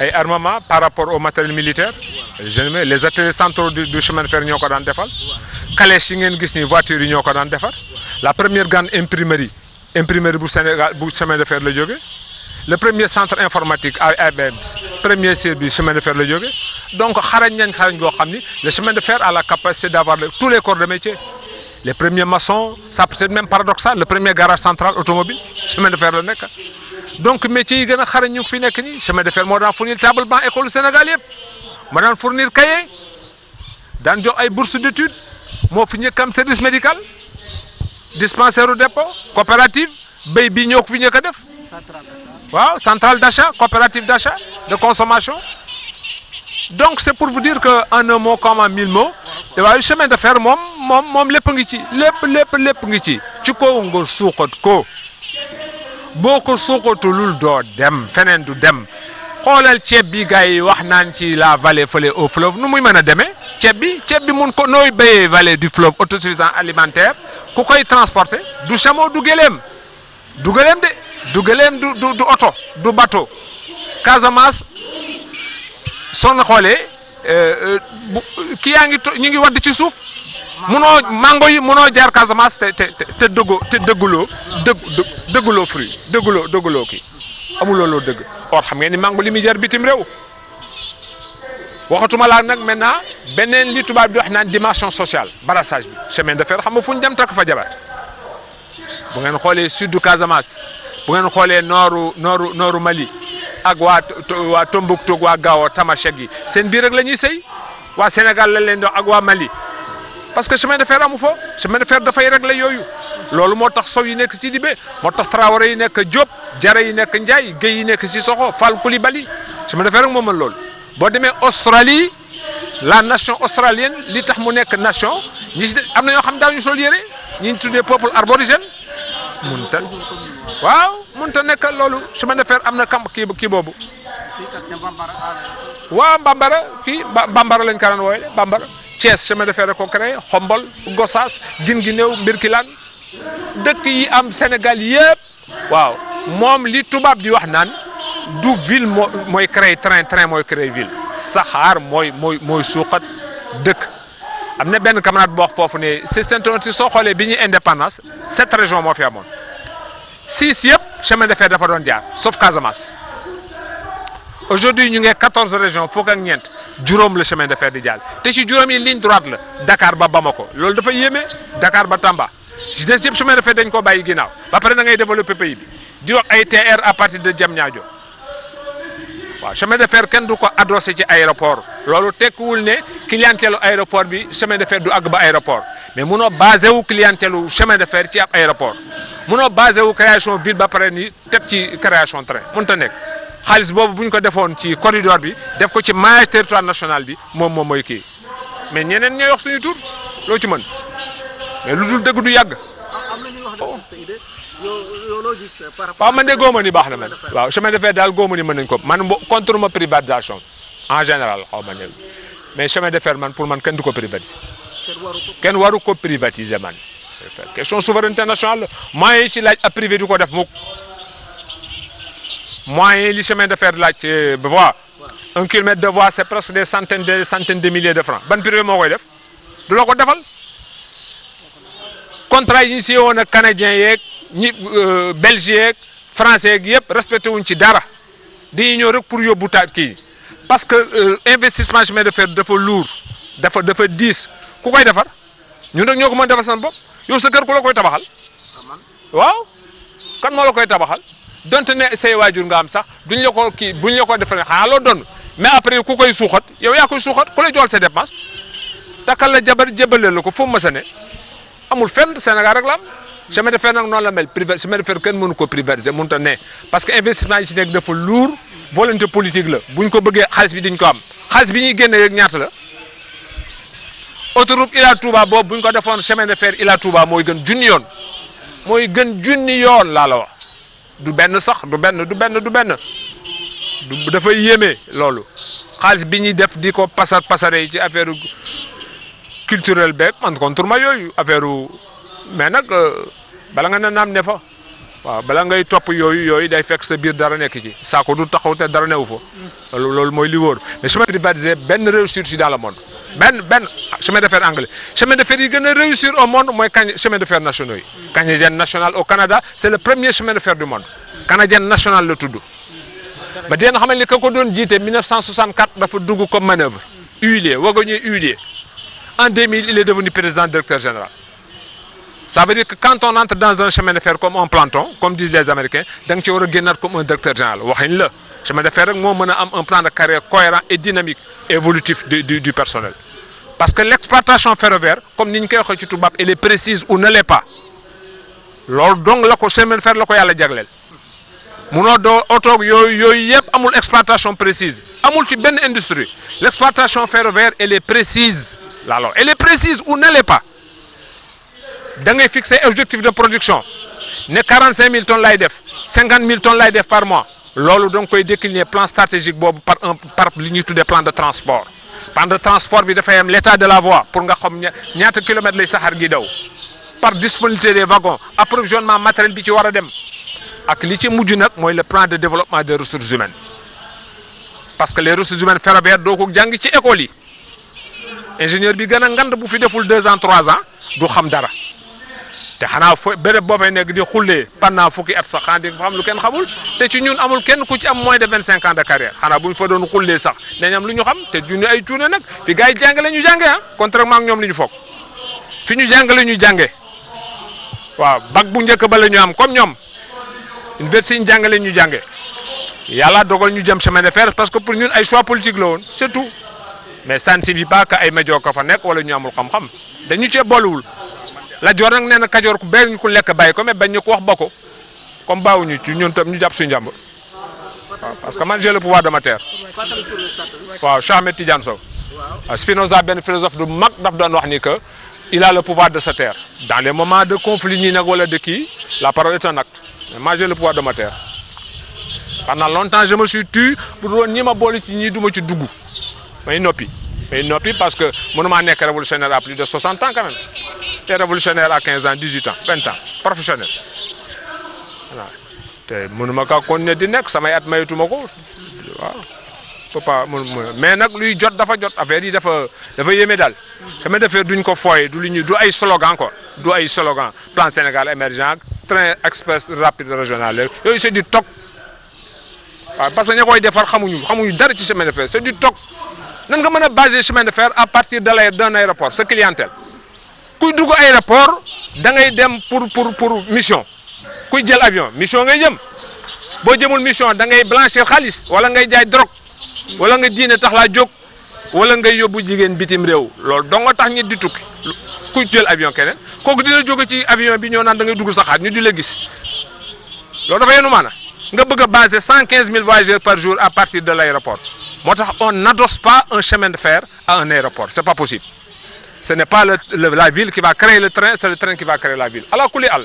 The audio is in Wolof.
ay armement par rapport au matériel militaire je les ateliers centraux du chemin de fer ñoo ko daan defal calèche yi ngeen gis ni voitures yi ñoo ko daan defar la première ganne imprimerie imprimerie bu Sénégal bu chemin de fer la jóge le premier centre informatique ABM premier service chemin de fer la jóge donc xarañ nañ xarañ goo xam ni le chemin de fer a la capacité d'avoir tous les corps de métier les premiers maçons ça peut être même paradoxal le premier garage central automobile chemin de fer la nekk donc métiers yi gën a xarañ ñu fi nekk nii chemin de fer moo daan fournir table banc école Sénégal yëpp moo fournir cahier daan jox ay bourses d'études moo fi njëkk am service médical dispensaire du dépôt coopérative béy bii ñoo ko fi njëkk a def waaw centrale d'achat coopérative d'achat de consommation donc c'est pour vous dire que en a mot comme en mille mots dafaayu chemin de fer moom. moom moom lépp ngi ci lépp lépp lépp ngi ci ci kaw nga suuxat ko boo ko suuxatulul doo dem feneen du dem xoolal ceeb bi gars yi wax naan ci la vallée fële au fleuve nu muy mën a demee ceeb bi ceeb bi mun ko nooy béyee di du fleuve autosuffisant alimentaire ku koy transporté du chameau du gëléem du gëléem du gëléem du du oto du bato Casamance soo xoolee euh, euh, bu kii yaa ngi ñu ngi wadd ci suuf. munoo mango yi munoo jaar Casamance te te te te dëgguloo dëgg dëgguloo fruit dëgguloo ki kii amuloo loo dëgg or xam ngeen ni mango li muy jar bitim réew waxatuma laa nag maintenant beneen li tubaab di wax naan dimension sociale brassage bi chemin de fer xam nga fu ñu dem takk fa jabar bu ngeen xoolee sud du Casamance bu ngeen xoolee nooru nooru nooru Mali ak waa waa Tombouctou waa Gao Tamashek seen biir rek la ñuy sëy waa Sénégal lañ leen dox ak waa Mali. parce que chemin de fer amu fa chemin de fer dafay régler yooyu loolu moo tax sow yi nekk Sidibé moo tax Traoré yi nekk Diop Jare yi nekk Ndiaye Guèye yi nekk Sissoko Fall Koulibaly chemin de fer rek moo mën loolu boo demee Australie la nation australienne li tax mu nekk nation ñi si am na ñoo xam daaw ñu sol yére ñi tuddee peuple aborigène munta waaw munta nekk loolu chemin de fer am na kam kii kii boobu waaw Bambara fii Bambara lañ ko daan Bambara Thiès chemin de fer la ko créé Xombol Gossas Guinguinéo Birkilane dëkk yi am Sénégal yëpp waaw moom li tubaab di wax naan du ville moo mooy créé train train mooy créé ville saxaar mooy mooy mooy suuqat dëkk. am na benn camarade bu wax foofu ne système ci soo xoolee bi ñuy indépendance sept régions moo fi amoon six yëpp chemin de fer dafa doon jaar sauf Casamance aujourd'hui ñu nge quatorze régions fukk ak ñeent. juróom la chemin de fer di jàll te ci juróom yi ligne droite la dakaar ba bama ko loolu dafa yéeme Dakar ba Tamba des yëpp chemin de fer dañ koo bàyyi ginnaaw ba pare da ngay développer pays bi di wax ay TR à partir de Diamniadio waaw chemin de fer kenn du ko adossé ci aéroport loolu wul ne clientèle aéroport bi chemin de fer du àgg ba aéroport mais munoo basé wu clientèle wu chemin de fer ci ab aéroport munoo basé wu création ville ba pare ni teg ci création train mënut nekk. xaalis boobu bu ñu ko defoon ci corridor bi def ko ci maillage territoire national bi moom moom mooy kii mais ñeneen ñooy wax suñu tur loo ci man mais lu dul dëgg du yàgg. waaw man de góoma baax na man waaw chemin daal góoma ni mën ko man contre ma privatisation en général mais chemin de fer man pour man kenn du ko privatiser kenn waru ko privatiser man question souveraineté nationale la moyens yi ci laaj ab privé du ko def mukk moyens li chemin de fer laaj euh, voie un kilomètre de voie c'est presque des centaines des centaines de milliers de francs ban privé moo koy def du la ko defal contrat yi ñu si woon ak canadien yeeg ñi euh, belge yeeg français yëpp respecté wuñ ci dara di ñëw rek pour yóbbu taat kii parce que euh, investissement chemin de fer dafa lourd dafa dafa diis ku koy defar ñu rek ñoo ko mën defar seen bopp yow sa kër ku la koy tabaxal waaw kan moo la koy tabaxal. donte ne say waajur nga am sax duñ la ko kii buñ la ko defal xanaa loo doon mais après ku koy suuxat yow yaa koy suuxat ku la joxal sa dépense takkal la jabar jabaleel la ko fu mu mës a ne amul fenn Sénégal rek la am chemin de fer nag noonu la mel privé chemin de fer kenn mënu ko privatiser mënut a ne parce que investissement yi ci nekk dafa lourd volonté politique la buñ ko bëggee xaalis bi diñ ko am xaalis bi ñuy génne rek ñaata la autoroute Ila Touba boobu buñ ko defoon chemin de fer Ila Touba mooy gën junni yoon mooy gën junni yoon laa la wax. du benn sax du benn du benn du benn du dafa yéeme loolu xaalis bi ñuy def di ko passar pasare ci affaire culturelle beeg man contre ma yooyu affaire mais nag euh, bala nga ne naam ne fa. waaw bala ngay topp yooyu yooyu day fekk sa biir dara nekk ci saako du taxaw te dara newu fa loolu mooy li wóor mais chemin privatisé benn réussite si dans le monde benn benn ah, chemin de fer anglais chemin de fer yi gën a réussir au monde mooy kañ chemin de fer nationaux yi canadien national au Canada c'est le premier chemin de fer du monde canadien national la tudd ba deen xam ka ko doon jiite 1964 dafa dugg comme manœuvre huilier wagoñee huilier en 2000 il est devenu président ca veut dire que quand on entre dans un chemin de fer comme un planton, comme disent les Américains, donc tu auras gagné comme un directeur général. Le chemin de fer, un plan de carrière cohérent et dynamique, évolutif du, personnel. Parce que l'exploitation ferroviaire, comme nous l'avons dit, elle est précise ou ne l'est pas. Donc, la chemin de fer, la ce qu'il y a munoo doo yooyu yooyu yëpp amul exploitation précise amul ci benn industrie l' exploitation ferroviaire elle est précise la alors elle est précise ou ne l' da ngay fixer objectif de production ne 45 000 tonnes lay def 50 000 tonnes lay def par mois loolu da nga koy décliner plan stratégique boobu par un par li ñuy plan de transport plan de transport bi dafay am l'état de la voie pour nga xam ñaata kilomètres lay saxaar gi daw par disponibilité des wagons approvisionnement matériel bi ci war a dem ak li ci mujj nag mooy le plan de développement des ressources humaines parce que les ressources humaines ferroviaires doo ko jàng ci école yi ingénieur bi gën a ngand bu fi deful deux ans trois ans du xam dara. te xanaa fo béréb boo fay nekk di xullee pendant fukki at sax xanaa di fa am lu kenn xamul te ci ñun amul kenn ku ci am moins de vingt cinq ans de carrière xanaa bu ñu fa doon xullee sax dañ am lu ñu xam te junni ay cuune nag fi gars yi jàngale ñu jàngee ah contrairement ak ñoom li ñu ñu jàngale ñu jàngee waaw bac bu njëkk ba la ñu am comme ñoom université yi ñu jàngale ñu jàngee yàlla dogal ñu jëm chemin de fer parce que pour ñun ay choix politique la woon c'est mais ça ne signifie pas que ay médiocre fa nekk wala ñu amul xam-xam dañu cee boolewul la Latjoor nag nee na Kajoor ku bëri ñu ko lekk bàyyi ko mais ñu ko wax ba ko comme baawuñu ci ñun tam ñu jàpp suñu parce que man j'ai le pouvoir de ma terre waaw Cheikh Tidiane Sow waaw Spinoza benn philosophe du mag daf doon wax ni que il a le pouvoir de sa terre dans les moments de conflit ñii nag wala de kii la parole est un acte mais moi j'ai le ma terre longtemps je me suis tu pour doon ñi ma bool ci ñii du ma ci dugg may noppi may noppi parce que mënu maa nekk révolutionnaire à plus de 60 ans t'es révolutionnaire à 15 ans 18 ans 20 ans professionnel waaw te mënuma kaa continuer di nekk samay at ma ko waaw faut mais nag luy jot dafa jot affaire yi dafa dafa yéeme daal sama defee duñ ko fooye du lu ñu du ay slogan quoi du ay slogan plan Sénégal émergent train express rapide régional yooyu c'est du toc waaw parce que ña koy defar xamuñu xamuñu dara ci chemin de fer c'est du toc nan nga mën a baser chemin de fer à partir de la d'un aéroport sa kuy dugg aéroport da ngay dem pour pour pour mission kuy jël avion mission ngay jëm boo jëmul mission da ngay blanchir xaalis wala ngay jaay drogue wala nga diine tax laa jóg wala ngay yóbbu jigéen bitim réew loolu dong nga tax nit di tukki kuy jël avion keneen kooku dina jóge ci avion bi ñoo naan da ngay dugg sa xaat ñu di la gis loolu dafa yenu maana nga bëgg a basé cent quinze mille voyageurs par jour à partir de l' aéroport moo tax on n'adosse pas un chemin de fer à un aéroport c' est pas ce n'est pas le, le, la ville qui va créer le train, c'est le train qui va créer la ville. Alors, Kouli Al,